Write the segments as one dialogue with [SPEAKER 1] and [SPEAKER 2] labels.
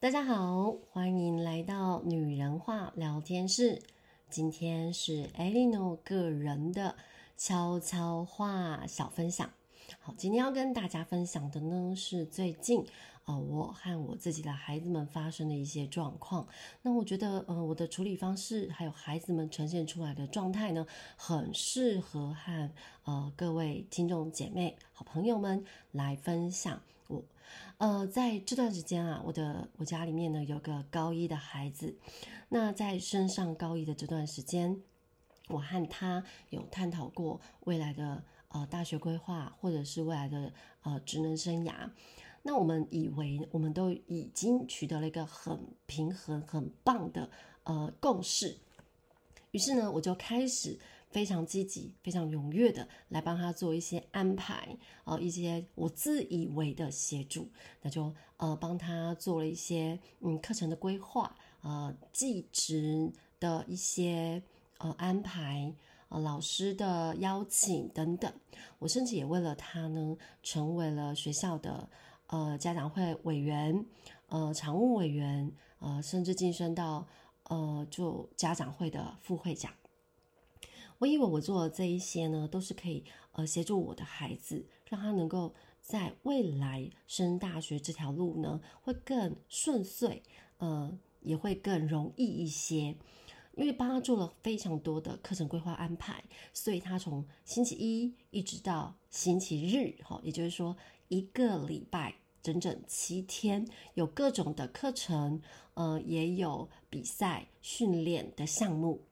[SPEAKER 1] 大家好，歡迎來到女人話聊天室。今天是 Eleanor 個人的悄悄話小分享。好，今天要跟大家分享的呢是最近啊、呃，我和我自己的孩子們發生的一些狀況。那我覺得呃，我的處理方式還有孩子們呈現出來的狀態呢，很適合和呃各位聽眾姐妹、好朋友們來分享。我。呃，在這段時間啊，我的我家裡面呢有一個高一的孩子，那在升上高一的這段時間，我和他有探討過未來的呃大學規劃，或者是未來的呃職能生涯。那我們以為我們都已經取得了一個很平衡、很棒的呃共識，於是呢，我就開始。非常積極、非常踴躍的來幫他做一些安排，呃，一些我自以為的協助，那就呃幫他做了一些嗯課程的規劃，呃寄職的一些呃安排，呃老師的邀請等等。我甚至也為了他呢，成為了學校的呃家長會委員，呃常務委員，呃甚至晉升到呃就家長會的副會長。我以為我做的這一些呢，都是可以呃協助我的孩子，讓他能夠在未來升大學這條路呢會更順遂，呃也會更容易一些，因為幫他做了非常多的課程規劃安排，所以他從星期一一直到星期日，哈，也就是說一個禮拜整整七天，有各種的課程，呃也有比賽訓練的項目。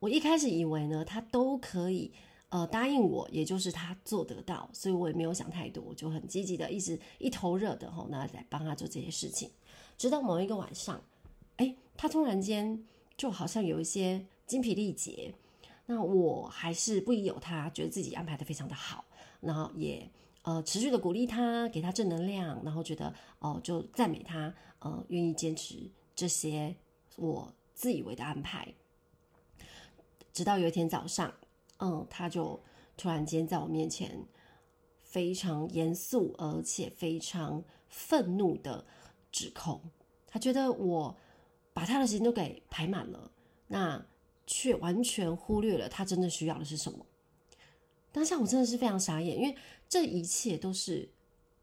[SPEAKER 1] 我一開始以為呢，他都可以，呃，答應我，也就是他做得到，所以我也沒有想太多，就很積極的，一直一頭熱的吼，那在幫他做這些事情，直到某一個晚上，哎、欸，他突然間就好像有一些精疲力竭，那我還是不疑有他，覺得自己安排的非常的好，然後也呃持續的鼓勵他，給他正能量，然後覺得哦、呃，就讚美他，呃，願意堅持這些我自以為的安排。直到有一天早上，嗯，他就突然間在我面前非常嚴肅，而且非常憤怒的指控，他覺得我把他的時間都給排滿了，那卻完全忽略了他真的需要的是什麼。當下我真的是非常傻眼，因為這一切都是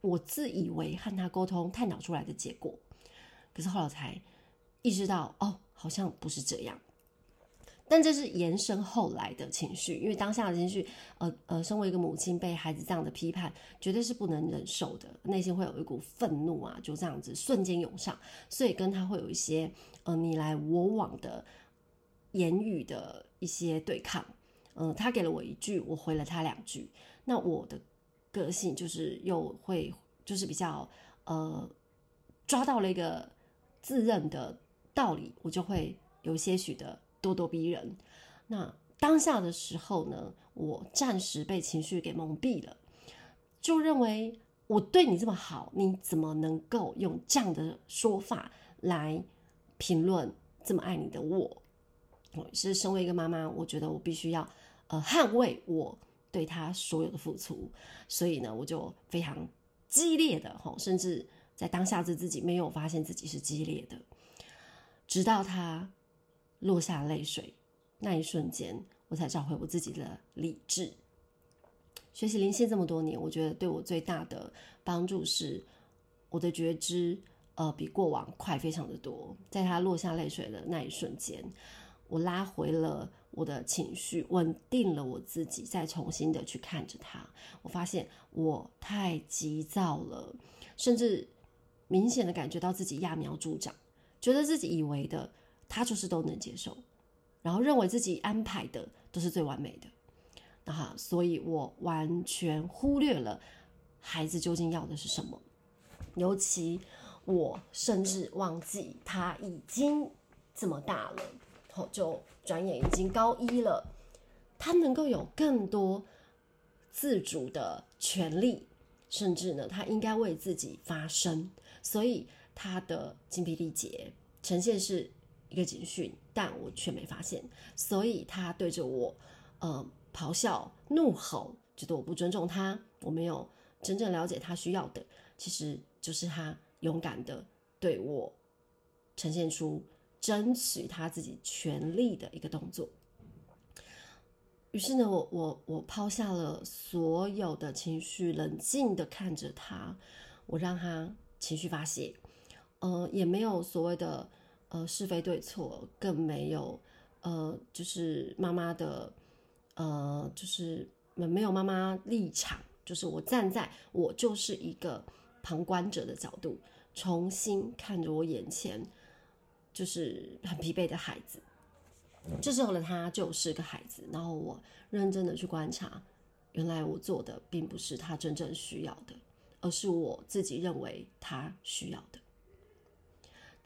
[SPEAKER 1] 我自以為和他溝通探討出來的結果，可是後來才意識到，哦，好像不是這樣。但這是延伸後來的情緒，因為當下的情緒，呃呃，身為一個母親被孩子這樣的批判，絕對是不能忍受的，內心會有一股憤怒啊，就這樣子瞬間湧上，所以跟他會有一些呃你來我往的言語的一些對抗。嗯，呃，他給了我一句，我回了他兩句，那我的個性就是又會就是比較呃抓到了一個自認的道理，我就會有些許的。咄咄逼人，那當下的時候呢，我暫時被情緒給蒙蔽了，就認為我對你這麼好，你怎麼能夠用這樣的說法來評論這麼愛你的我？我是身為一個媽媽，我覺得我必須要呃捍衛我對他所有的付出，所以呢，我就非常激烈的吼，甚至在當下的自己沒有發現自己是激烈的，直到他。落下淚水那一瞬間，我才找回我自己的理智。學習靈性這麼多年，我覺得對我最大的幫助是，我的覺知，呃，比過往快非常的多。在他落下淚水的那一瞬間，我拉回了我的情緒，穩定了我自己，再重新的去看着他。我發現我太急躁了，甚至明顯的感覺到自己揠苗助長，覺得自己以為的。他就是都能接受，然後認為自己安排的都是最完美的，那哈，所以我完全忽略了孩子究竟要的是什麼。尤其我甚至忘記他已經這麼大了，吼，就轉眼已經高一了。他能夠有更多自主的權利，甚至呢，他應該為自己發聲。所以他的精疲力竭呈現是。一個警訊，但我卻沒發現，所以他對着我，呃，咆哮、怒吼，覺得我不尊重他。我沒有真正了解他需要的，其實就是他勇敢的對我呈現出爭取他自己權利的一個動作。於是呢，我我我拋下了所有的情緒，冷靜的看着他，我讓他情緒發洩，呃，也沒有所謂的。呃，是非對錯更沒有，呃，就是媽媽的，呃，就是沒有媽媽立場，就是我站在，我就是一個旁觀者的角度，重新看着我眼前就是很疲憊的孩子，這時候的他就是個孩子，然後我認真的去觀察，原來我做的並不是他真正需要的，而是我自己認為他需要的。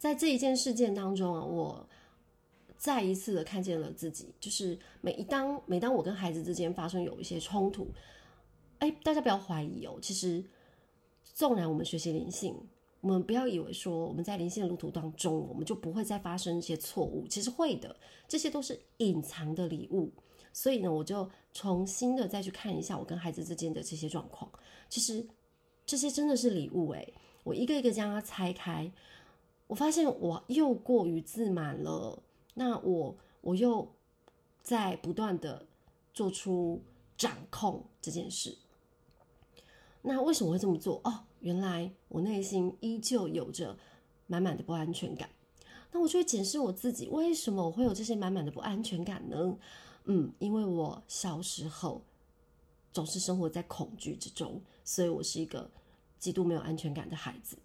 [SPEAKER 1] 在這一件事件當中啊，我再一次的看見了自己，就是每一當每當我跟孩子之間發生有一些衝突，哎，大家不要懷疑哦。其實，縱然我們學習靈性，我們不要以為說我們在靈性的路途當中，我們就不會再發生一些錯誤，其實會的，這些都是隱藏的禮物。所以呢，我就重新的再去看一下我跟孩子之間的這些狀況，其實這些真的是禮物哎，我一個一個將它拆開。我發現我又過於自滿了，那我我又在不斷的做出掌控這件事。那為什麼會這麼做？哦，原來我內心依舊有着滿滿的不安全感。那我就會檢視我自己，為什麼我會有這些滿滿的不安全感呢？嗯，因為我小時候總是生活在恐懼之中，所以我是一個極度沒有安全感的孩子。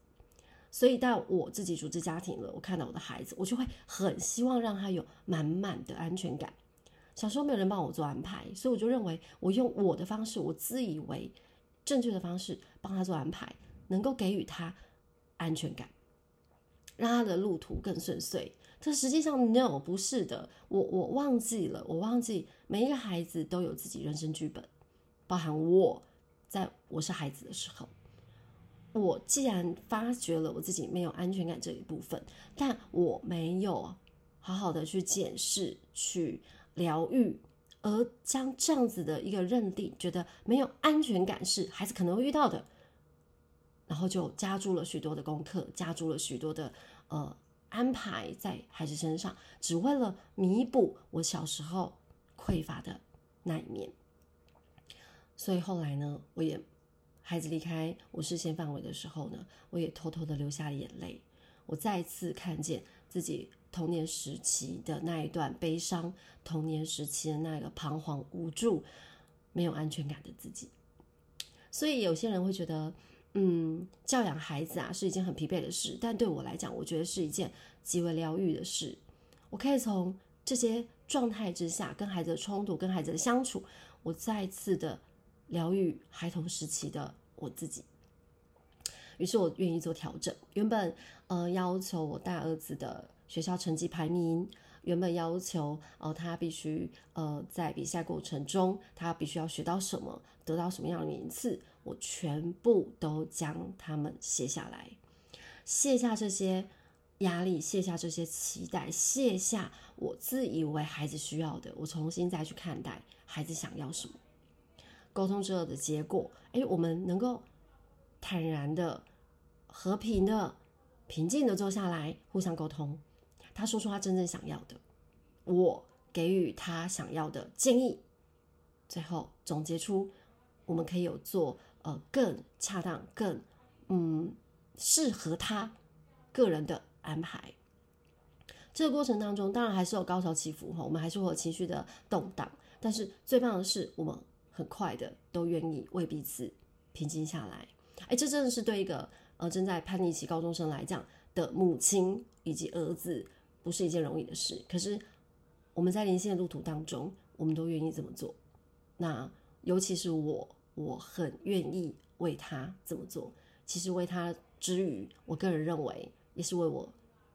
[SPEAKER 1] 所以到我自己組織家庭了，我看到我的孩子，我就會很希望讓他有滿滿的安全感。小時候沒有人幫我做安排，所以我就認為我用我的方式，我自以為正確的方式幫他做安排，能夠給予他安全感，讓他的路途更順遂。但實際上，no，不是的，我我忘記了，我忘記每一個孩子都有自己人生劇本，包含我，在我是孩子的時候。我既然發覺了我自己沒有安全感這一部分，但我沒有好好的去檢視、去療癒，而將這樣子的一個認定，覺得沒有安全感是孩子可能會遇到的，然後就加諸了許多的功課，加諸了許多的呃安排在孩子身上，只為了彌補我小時候匱乏的那一面。所以後來呢，我也。孩子離開我視線範圍的時候呢，我也偷偷的流下了眼淚。我再次看見自己童年時期的那一段悲傷，童年時期的那個彷徨無助、沒有安全感的自己。所以有些人會覺得，嗯，教養孩子啊是一件很疲憊的事，但對我來講，我覺得是一件極為療癒的事。我可以從這些狀態之下跟孩子的衝突、跟孩子的相處，我再次的。療癒孩童時期的我自己，於是我願意做調整。原本，呃，要求我大兒子的學校成績排名，原本要求，呃，他必須，呃，在比賽過程中，他必須要學到什麼，得到什麼樣的名次，我全部都將他們卸下來，卸下這些壓力，卸下這些期待，卸下我自以為孩子需要的，我重新再去看待孩子想要什麼。溝通之後的結果，誒、欸，我們能夠坦然的、和平的、平靜的坐下來，互相溝通。他說出他真正想要的，我給予他想要的建議，最後總結出我們可以有做呃更恰當、更嗯適合他個人的安排。這個過程當中，當然還是有高潮起伏哈，我們還是會有情緒的動盪，但是最棒的是我們。很快的，都願意為彼此平靜下來。哎，這真的是對一個呃正在叛逆期高中生來講的母親以及兒子，不是一件容易的事。可是我們在連線的路途當中，我們都願意這麼做。那尤其是我，我很願意為他這麼做。其實為他之餘，我個人認為也是為我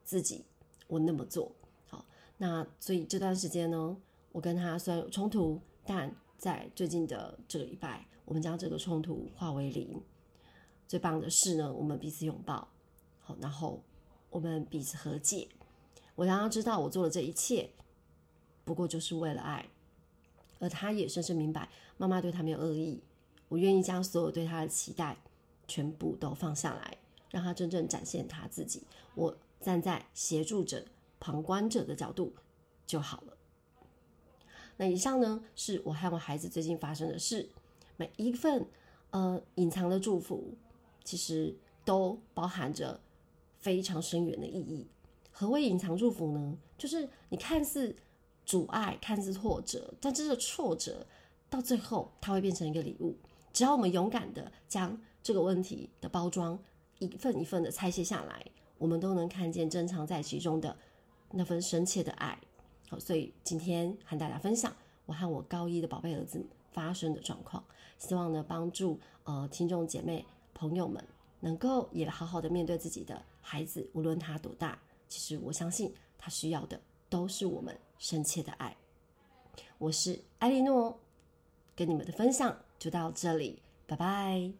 [SPEAKER 1] 自己，我那麼做。好。那所以這段時間呢，我跟他雖然有衝突，但在最近的這個禮拜，我們將這個衝突化為零。最棒的是呢，我們彼此擁抱，好，然後我們彼此和解。我剛剛知道我做了這一切，不過就是為了愛。而他也深深明白，媽媽對他沒有惡意。我願意將所有對他的期待，全部都放下來，讓他真正展現他自己。我站在協助者、旁觀者的角度就好了。那以上呢，是我和我孩子最近發生的事。每一份呃隱藏的祝福，其實都包含着非常深遠的意義。何謂隱藏祝福呢？就是你看似阻礙、看似挫折，但這個挫折到最後它會變成一個禮物。只要我們勇敢的將這個問題的包裝一份一份的拆卸下來，我們都能看見珍藏在其中的那份深切的愛。所以今天和大家分享我和我高一的寶貝兒子發生的狀況，希望呢幫助呃聽眾姐妹朋友們能夠也好好的面對自己的孩子，無論他多大，其實我相信他需要的都是我們深切的愛。我是艾莉諾，跟你們的分享就到這裡，拜拜。